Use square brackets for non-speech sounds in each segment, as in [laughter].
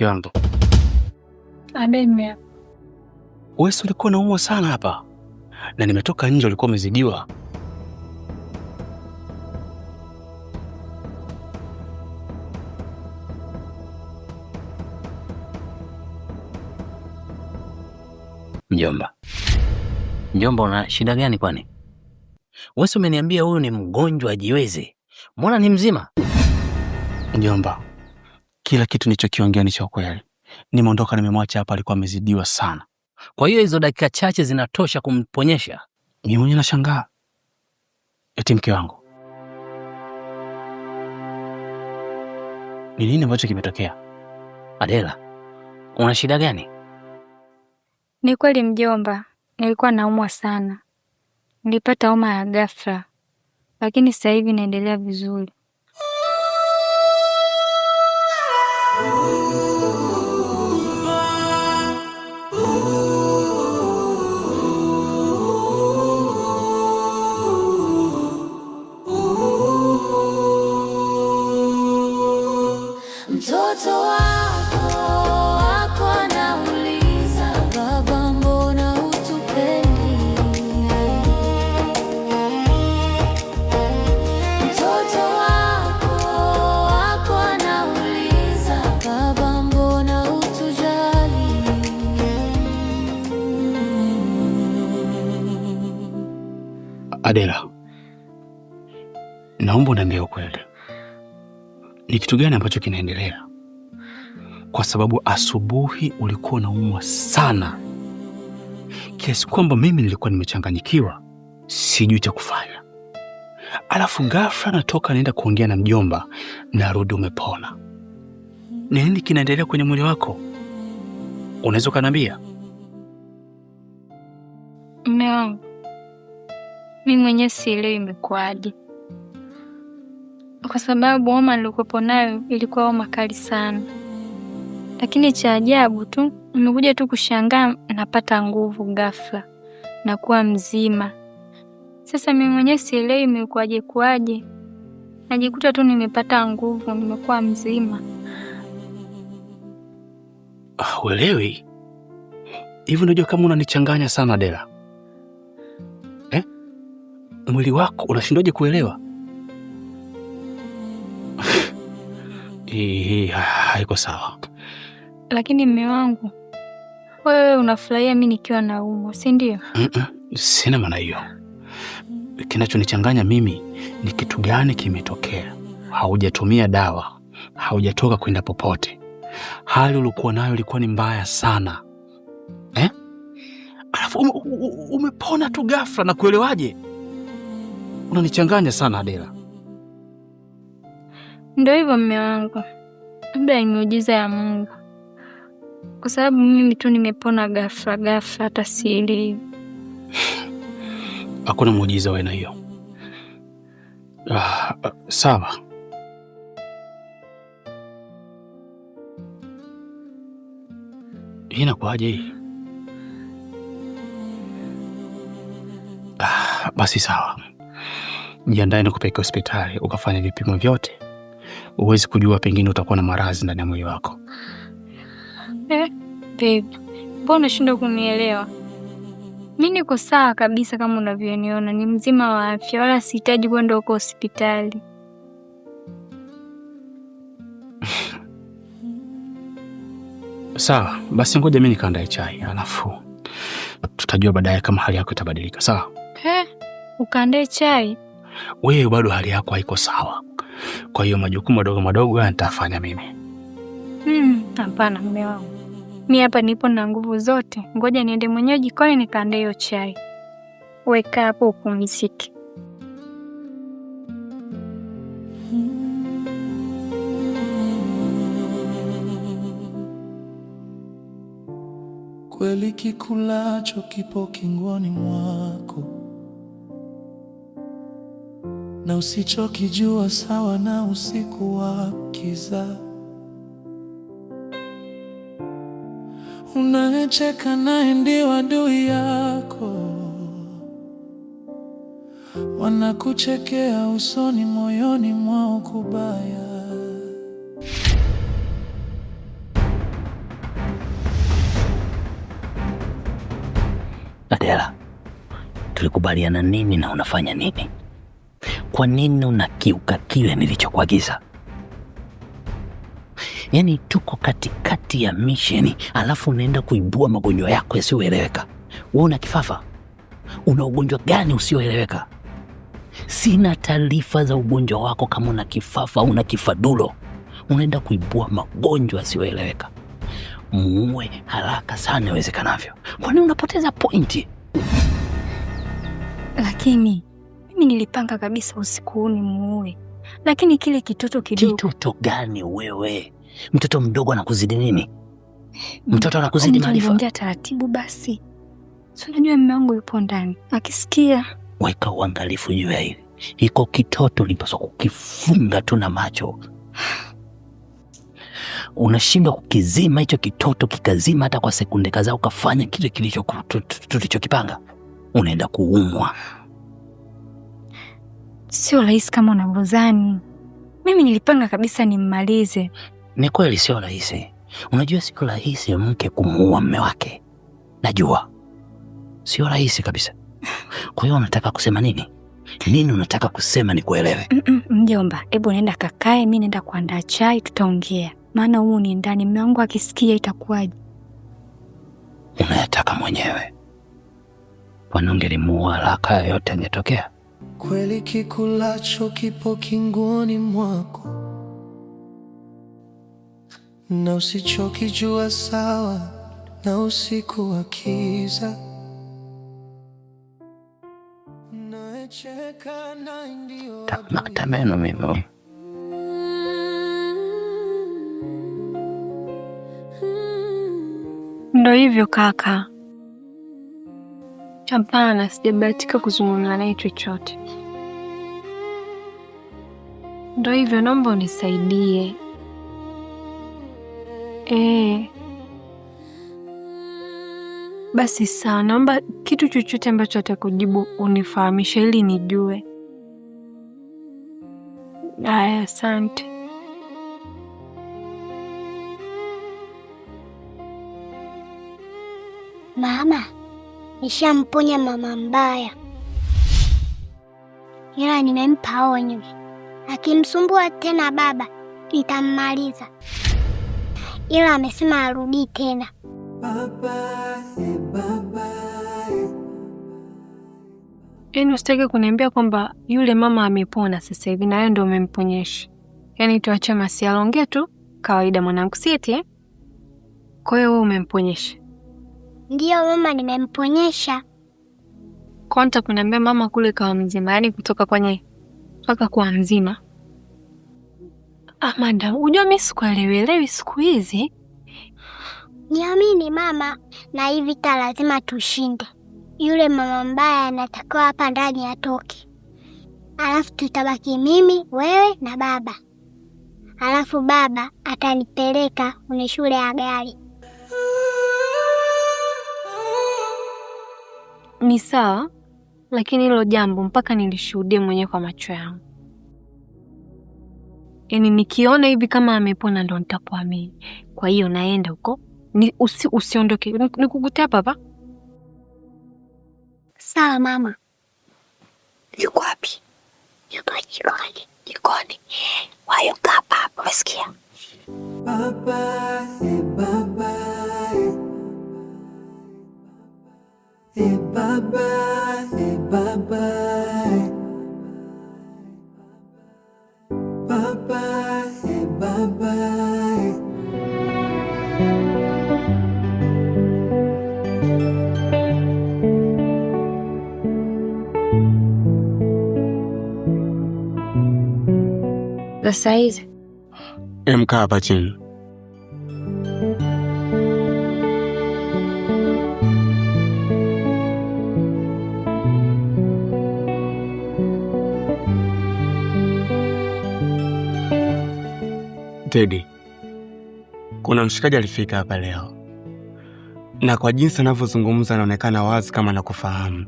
mke wangu. Ademea. Wewe ulikuwa naumwa sana hapa na nimetoka nje, ulikuwa umezidiwa. Mjomba, mjomba, una shida gani kwani? Wewe umeniambia huyu ni mgonjwa ajiweze, mbona ni mzima? Mjomba, kila kitu nilichokiongea ni cha ukweli. Nimeondoka, nimemwacha hapa, alikuwa amezidiwa sana. Kwa hiyo hizo dakika chache zinatosha kumponyesha? Mimi mwenyewe nashangaa. Eti mke wangu, ni nini ambacho kimetokea? Adela, una shida gani? Ni kweli mjomba, nilikuwa naumwa sana, nilipata homa ya ghafla, lakini sasa hivi naendelea vizuri. Mtoto wako wako anauliza, baba, mbona hutupendi? Mtoto wako wako anauliza, baba, mbona hutujali? Adela, naomba uniambie ukweli ni kitu gani ambacho kinaendelea? Kwa sababu asubuhi ulikuwa unaumwa sana kiasi kwamba mimi nilikuwa nimechanganyikiwa, sijui cha kufanya. Alafu ghafla natoka naenda kuongea na mjomba, narudi umepona. Nini kinaendelea kwenye mwili wako? Unaweza ukaniambia? Mume wangu, mimi mwenyewe sielewi imekuwaje kwa sababu homa nilikuwepo nayo ilikuwa homa kali sana. Lakini cha ajabu tu, nimekuja tu kushangaa napata nguvu ghafla na kuwa mzima. Sasa mimi mwenyewe sielewi imekuwaje kuwaje, najikuta tu nimepata nguvu, nimekuwa mzima. Ah, uelewi hivi? Unajua kama unanichanganya sana Dela eh? Mwili wako unashindwaje kuelewa hii hii haiko sawa. Lakini mme wangu, wewe unafurahia mi nikiwa umo, si ndio? sina maana hiyo. Kinachonichanganya mimi ni kitu gani kimetokea? Haujatumia dawa, haujatoka kwenda popote, hali uliokuwa nayo ilikuwa ni mbaya sana eh? Alafu um, um, umepona tu ghafla na kuelewaje? Unanichanganya sana Adela. Ndio hivyo mme wangu, labda ni miujiza ya Mungu, kwa sababu mimi tu nimepona ghafla ghafla, hata sili. [sighs] Hakuna muujiza wena hiyo. Ah, sawa hii inakuwaje hii? Ah, basi sawa, jiandae nikupeleke hospitali ukafanya vipimo vyote huwezi kujua, pengine utakuwa na maradhi ndani ya mwili wako. Eh, babe, mbona kunielewa? Mi niko sawa kabisa, kama unavyoniona ni mzima wa afya, wala sihitaji kwenda huko hospitali. [laughs] Sawa basi, ngoja mi nikaandae chai, alafu tutajua baadaye kama hali yako itabadilika. Sawa. Eh, ukaandae chai? Wewe bado hali yako haiko sawa. Kwa hiyo majukumu madogo madogo haya nitafanya mimi. Hmm, hapana, hmm, mme wangu, mi hapa nipo na nguvu zote. Ngoja niende mwenyewe jikoni nikaande hiyo chai. Weka hapo upumzike. Kweli kikulacho kipo kingoni mwako na usichokijua sawa na usiku wa kiza. Unayecheka naye ndio adui yako, wanakuchekea usoni, moyoni mwao kubaya. Adela, tulikubaliana nini na unafanya nini? kwa nini unakiuka kile nilichokuagiza? Yaani tuko katikati ya misheni, alafu unaenda kuibua magonjwa yako yasiyoeleweka. Wewe una kifafa? Una ugonjwa gani usioeleweka? Sina taarifa za ugonjwa wako, kama una kifafa au una kifadulo. Unaenda kuibua magonjwa yasiyoeleweka. Muue haraka sana iwezekanavyo, kwani unapoteza pointi. Lakini mimi nilipanga kabisa usiku huu nimuue, lakini kile kitoto kidogo. Kitoto gani wewe? Mtoto mdogo anakuzidi nini? Mtoto anakuzidi maarifa. Ongea taratibu basi, si unajua mume wangu yupo ndani, akisikia. Weka uangalifu juu ya hili, iko kitoto lipaswa kukifunga tu na macho unashindwa kukizima hicho kitoto kikazima hata kwa sekunde kadhaa, ukafanya kile tulichokipanga, unaenda kuumwa sio rahisi kama unavyodhani. Mimi nilipanga kabisa nimmalize. Ni kweli sio rahisi. Unajua sio rahisi mke kumuua mume wake, najua sio rahisi kabisa. Kwa hiyo unataka kusema nini? Nini unataka kusema nikuelewe? Mm -mm, mjomba, hebu naenda kakae, mi naenda kuandaa chai, tutaongea, maana huu ni ndani. Mume wangu akisikia itakuwaje? Unayataka mwenyewe. Kwani ungelimuua haraka yoyote angetokea? Kweli kikulacho kipo kingoni mwako, na usichoki jua sawa na usiku wa kiza. Tamata meno mimi ndo hivyo kaka. Hapana, sijabahatika kuzungumza naye chochote. Ndo hivyo, naomba unisaidie. E, basi sawa, naomba kitu chochote ambacho atakujibu unifahamishe ili nijue. Haya, asante. nishamponya mama mbaya, ila nimempa onyo, akimsumbua tena baba nitammaliza, ila amesema arudii tena. Babae, babae. Yaani usitaki kuniambia kwamba yule mama amepona sasa hivi na wewe ndio umemponyesha. Yaani tuache masi alongee tu kawaida mwanangu sieti. Eh? Kwa hiyo wewe umemponyesha. Ndiyo mama, nimemponyesha. Konta kuniambia mama kule kawa mzima, yaani kutoka kwenye mpaka kuwa mzima. Amanda, hujua mi sikuelewelewi siku hizi. Niamini mama, na hii vita lazima tushinde. Yule mama mbaya anatakiwa hapa ndani atoke, alafu tutabaki mimi, wewe na baba, alafu baba atanipeleka kwenye shule ya gari. ni sawa, lakini hilo jambo mpaka nilishuhudia mwenyewe kwa macho yangu. Yaani nikiona hivi kama amepona ndo nitakuamini. Kwa hiyo naenda huko, ni usi, usiondoke, nikukute hapa hapa. Sawa mama. Yuko wapi? Yuko jikoni. Jikoni. Wayo kapa umesikia? Hey, bye bye. Hey, bye bye. Bye bye. Hey, bye bye. The size M. Kabachin. tedi kuna mshikaji alifika hapa leo, na kwa jinsi anavyozungumza anaonekana wazi kama anakufahamu.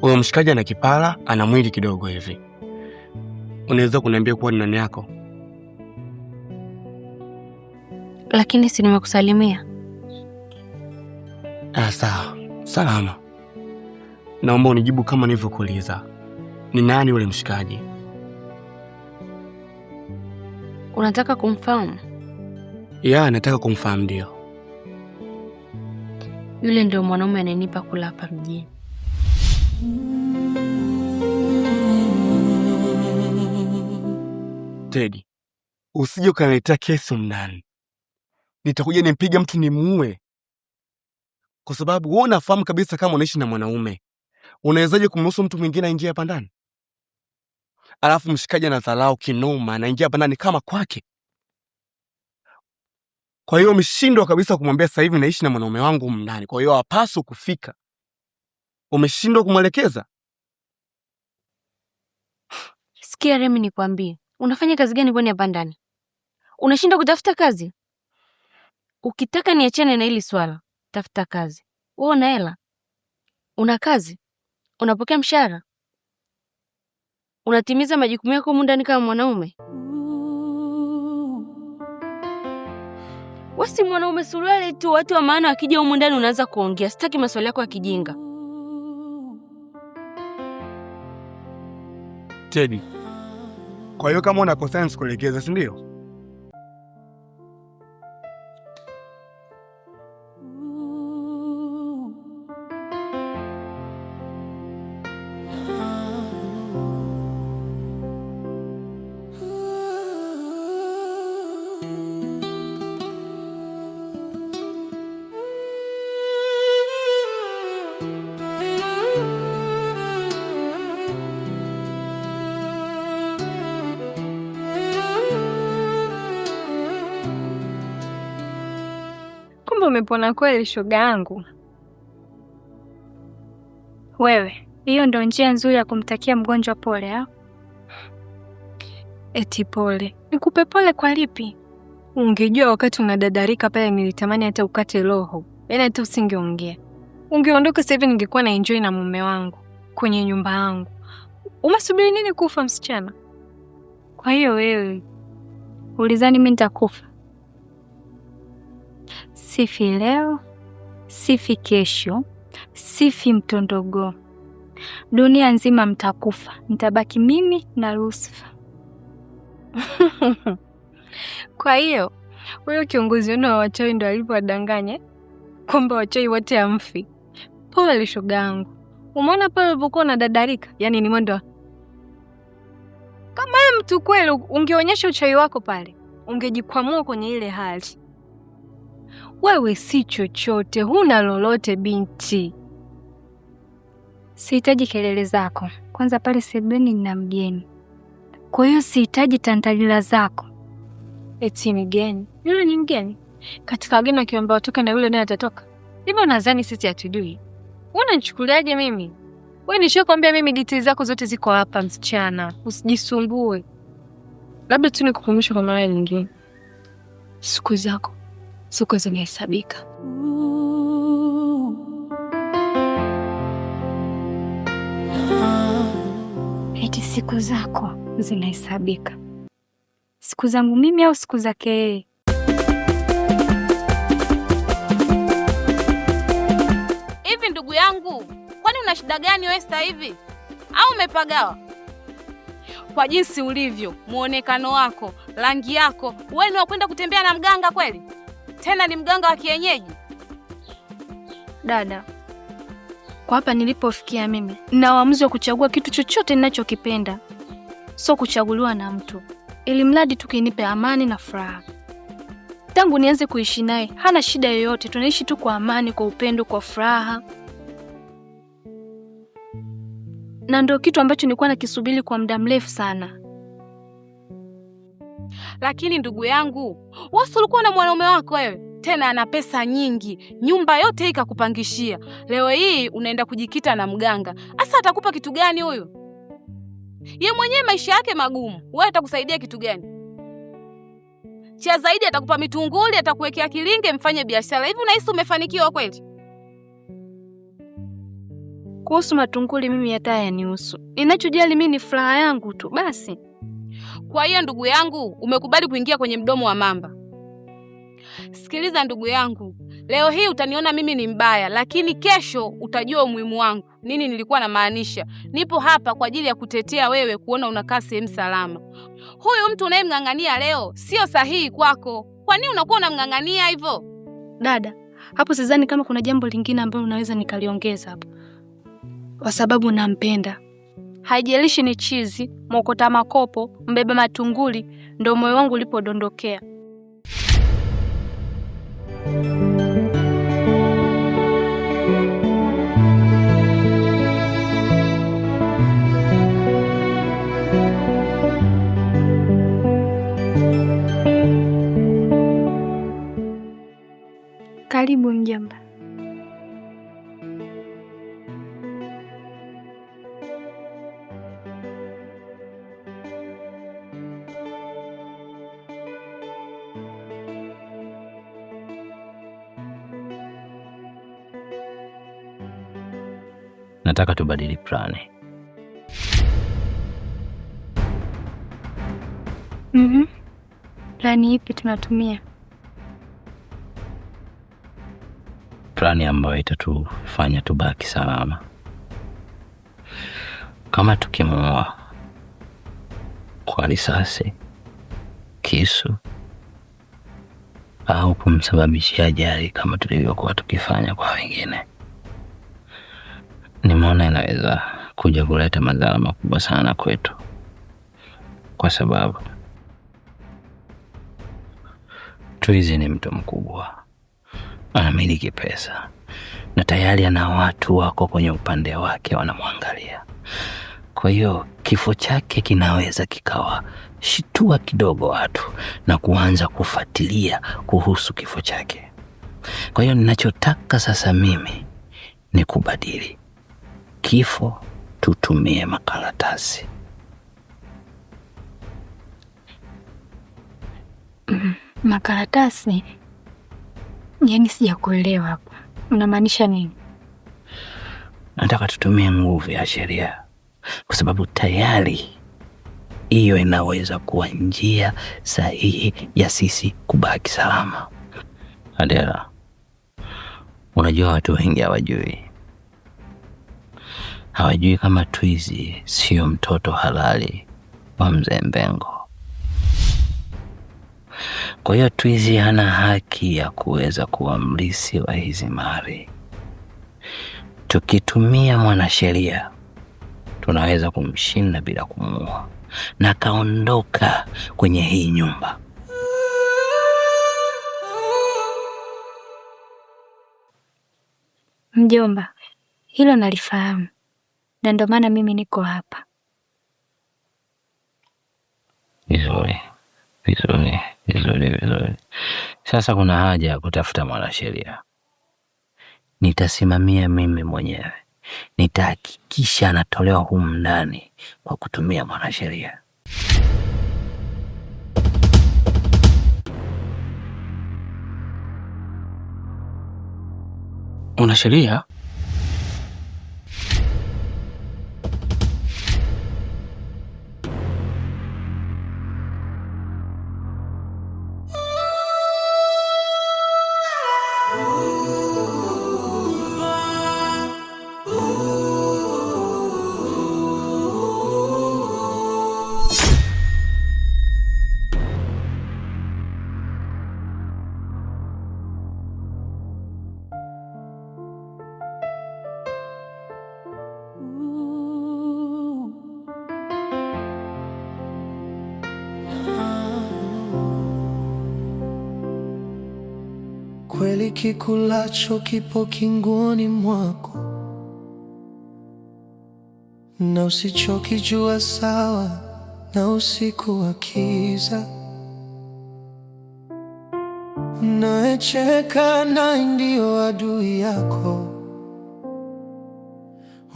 Huyo mshikaji ana kipara, ana mwili kidogo hivi. Unaweza kuniambia kuwa ni nani yako? Lakini si nimekusalimia? Ah, sawa, salama. Naomba unijibu kama nilivyokuuliza, ni nani yule mshikaji? Unataka kumfahamu? Ya, nataka kumfahamu. Ndio, yule ndio mwanaume ananipa kula hapa mjini. Teddy, usije ukaniletea kesi mnani nitakuja nimpige mtu nimuue, kwa sababu wewe unafahamu kabisa kama unaishi na mwanaume, unawezaje kumruhusu mtu mwingine aingie hapa ndani? alafu mshikaji anadharau kinoma, anaingia bandani kama kwake. Kwa hiyo umeshindwa kabisa kumwambia sasa hivi naishi na mwanaume wangu mndani, kwa hiyo hapaswi kufika. Umeshindwa kumwelekeza. Sikia Remi, nikwambie, unafanya kazi gani kwani hapa ndani? Unashindwa kutafuta kazi? Ukitaka niachane na hili swala, tafuta kazi. Wewe una hela? Una kazi? Unapokea mshahara? unatimiza majukumu yako humu ndani kama mwanaume? wasi mwanaume suruali tu, watu wa maana wakija humu ndani unaanza kuongea. Sitaki maswali yako ya kijinga. Teddy, kwa hiyo kama unakosa nsikuelekeza, si ndio? umepona kweli shoga yangu. Wewe, hiyo ndio njia nzuri ya kumtakia mgonjwa pole ha? Ah? Eti pole? Nikupe pole kwa lipi? Ungejua wakati unadadarika pale nilitamani hata ukate roho, yaani hata usingeongea. Ungeondoka sasa hivi ningekuwa na enjoy na mume wangu kwenye nyumba yangu. Umesubiri nini kufa msichana? Kwa hiyo wewe ulizani mimi nitakufa? sifi leo, sifi kesho, sifi mtondogoo. Dunia nzima mtakufa, mtabaki mimi na Lusifa. [laughs] Kwa hiyo huyo kiongozi wenu wa wachawi ndo alivyowadanganya kwamba wachawi wote amfi. Pole shoga yangu, umeona pale ulipokuwa na dadarika, yaani ni mwendo kama mtu kweli. Ungeonyesha uchawi wako pale, ungejikwamua kwenye ile hali wewe si chochote, huna lolote binti. Sihitaji kelele zako, kwanza pale sebeni nina mgeni, kwa hiyo sihitaji tantalila zako. Eti mgeni? Yule ni mgeni katika wageni wakiomba watoke na yule naye atatoka hivyo? Nadhani sisi hatujui. Unanichukuliaje mimi? We nishakwambia mimi diti zako zote ziko hapa, msichana, usijisumbue. Labda tu nikukumbusha kwa mara nyingine, siku zako siku zinahesabika. Eti siku zako zinahesabika? Siku zangu mimi au siku zake yeye? Hivi ndugu yangu, kwani una shida gani wewe sasa hivi, au umepagawa? Kwa jinsi ulivyo, muonekano wako, rangi yako, wewe ni wakwenda kutembea na mganga kweli? tena ni mganga wa kienyeji. Dada, kwa hapa nilipofikia mimi na uamuzi wa kuchagua kitu chochote ninachokipenda, sio kuchaguliwa na mtu, ili mradi tu kinipe amani na furaha. Tangu nianze kuishi naye hana shida yoyote, tunaishi tu kwa amani, kwa upendo, kwa furaha, na ndio kitu ambacho nilikuwa nakisubiri kwa muda mrefu sana. Lakini ndugu yangu, wasi ulikuwa na mwanaume wako wewe, tena ana pesa nyingi, nyumba yote ikakupangishia. Leo hii unaenda kujikita na mganga, hasa atakupa kitu gani huyu? Ye mwenyewe maisha yake magumu, wewe atakusaidia kitu gani? Cha zaidi atakupa mitunguli, atakuwekea kilinge, mfanye biashara. Hivi unahisi umefanikiwa kweli? Kuhusu matunguli, mimi hata hayanihusu. Ninachojali mimi ni furaha yangu tu basi. Kwa hiyo ndugu yangu, umekubali kuingia kwenye mdomo wa mamba. Sikiliza ndugu yangu, leo hii utaniona mimi ni mbaya, lakini kesho utajua umuhimu wangu, nini nilikuwa namaanisha. Nipo hapa kwa ajili ya kutetea wewe, kuona unakaa sehemu salama. Huyu mtu unayemng'ang'ania leo sio sahihi kwako. Kwa nini unakuwa unamng'ang'ania hivyo? Dada, hapo sidhani kama kuna jambo lingine ambalo unaweza nikaliongeza hapo, kwa sababu nampenda haijalishi ni chizi, mwokota makopo, mbeba matunguli, ndo moyo wangu ulipodondokea. Karibu mjomba. Nataka tubadili plani. mm -hmm. Plani ipi tunatumia? Plani ambayo itatufanya tubaki salama. Kama tukimua kwa risasi, kisu au kumsababishia ajali kama tulivyokuwa tukifanya kwa wengine nimeona inaweza kuja kuleta madhara makubwa sana kwetu, kwa sababu Twizi ni mtu mkubwa, anamiliki pesa na tayari ana watu wako kwenye upande wake wanamwangalia. Kwa hiyo kifo chake kinaweza kikawa shitua kidogo watu na kuanza kufuatilia kuhusu kifo chake. Kwa hiyo ninachotaka sasa mimi ni kubadili kifo tutumie makaratasi. makaratasi mm, makaratasi? Yaani sijakuelewa hapo, unamaanisha nini? Nataka tutumie nguvu ya sheria, kwa sababu tayari hiyo inaweza kuwa njia sahihi ya sisi kubaki salama. Adela, unajua watu wengi hawajui hawajui kama Twizi sio mtoto halali wa mzee Mbengo. Kwa hiyo Twizi hana haki ya kuweza kuwa mrisi wa hizi mali. Tukitumia mwanasheria tunaweza kumshinda bila kumuua, na kaondoka kwenye hii nyumba. Mjomba, hilo nalifahamu, na ndio maana mimi niko hapa. Vizuri vizuri vizuri vizuri. Sasa kuna haja ya kutafuta mwanasheria. Nitasimamia mimi mwenyewe, nitahakikisha anatolewa humu ndani kwa kutumia mwanasheria. Mwanasheria kweli kikulacho kipo kingoni mwako, na usichokijua sawa na usiku wa kiza. Naecheka na ndio adui yako,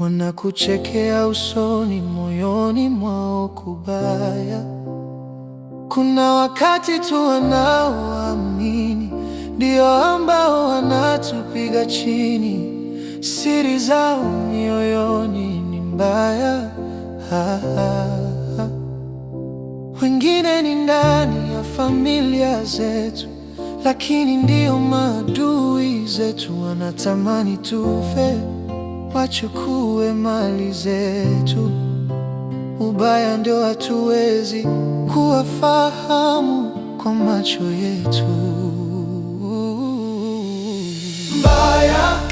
wanakuchekea usoni, moyoni mwao kubaya. Kuna wakati tu wanaoamini ndio ambao wanatupiga chini, siri zao mioyoni ni mbaya Wengine ni ndani ya familia zetu, lakini ndio maadui zetu, wanatamani tufe, wachukue mali zetu. Ubaya ndio hatuwezi kuwafahamu kwa macho yetu. am.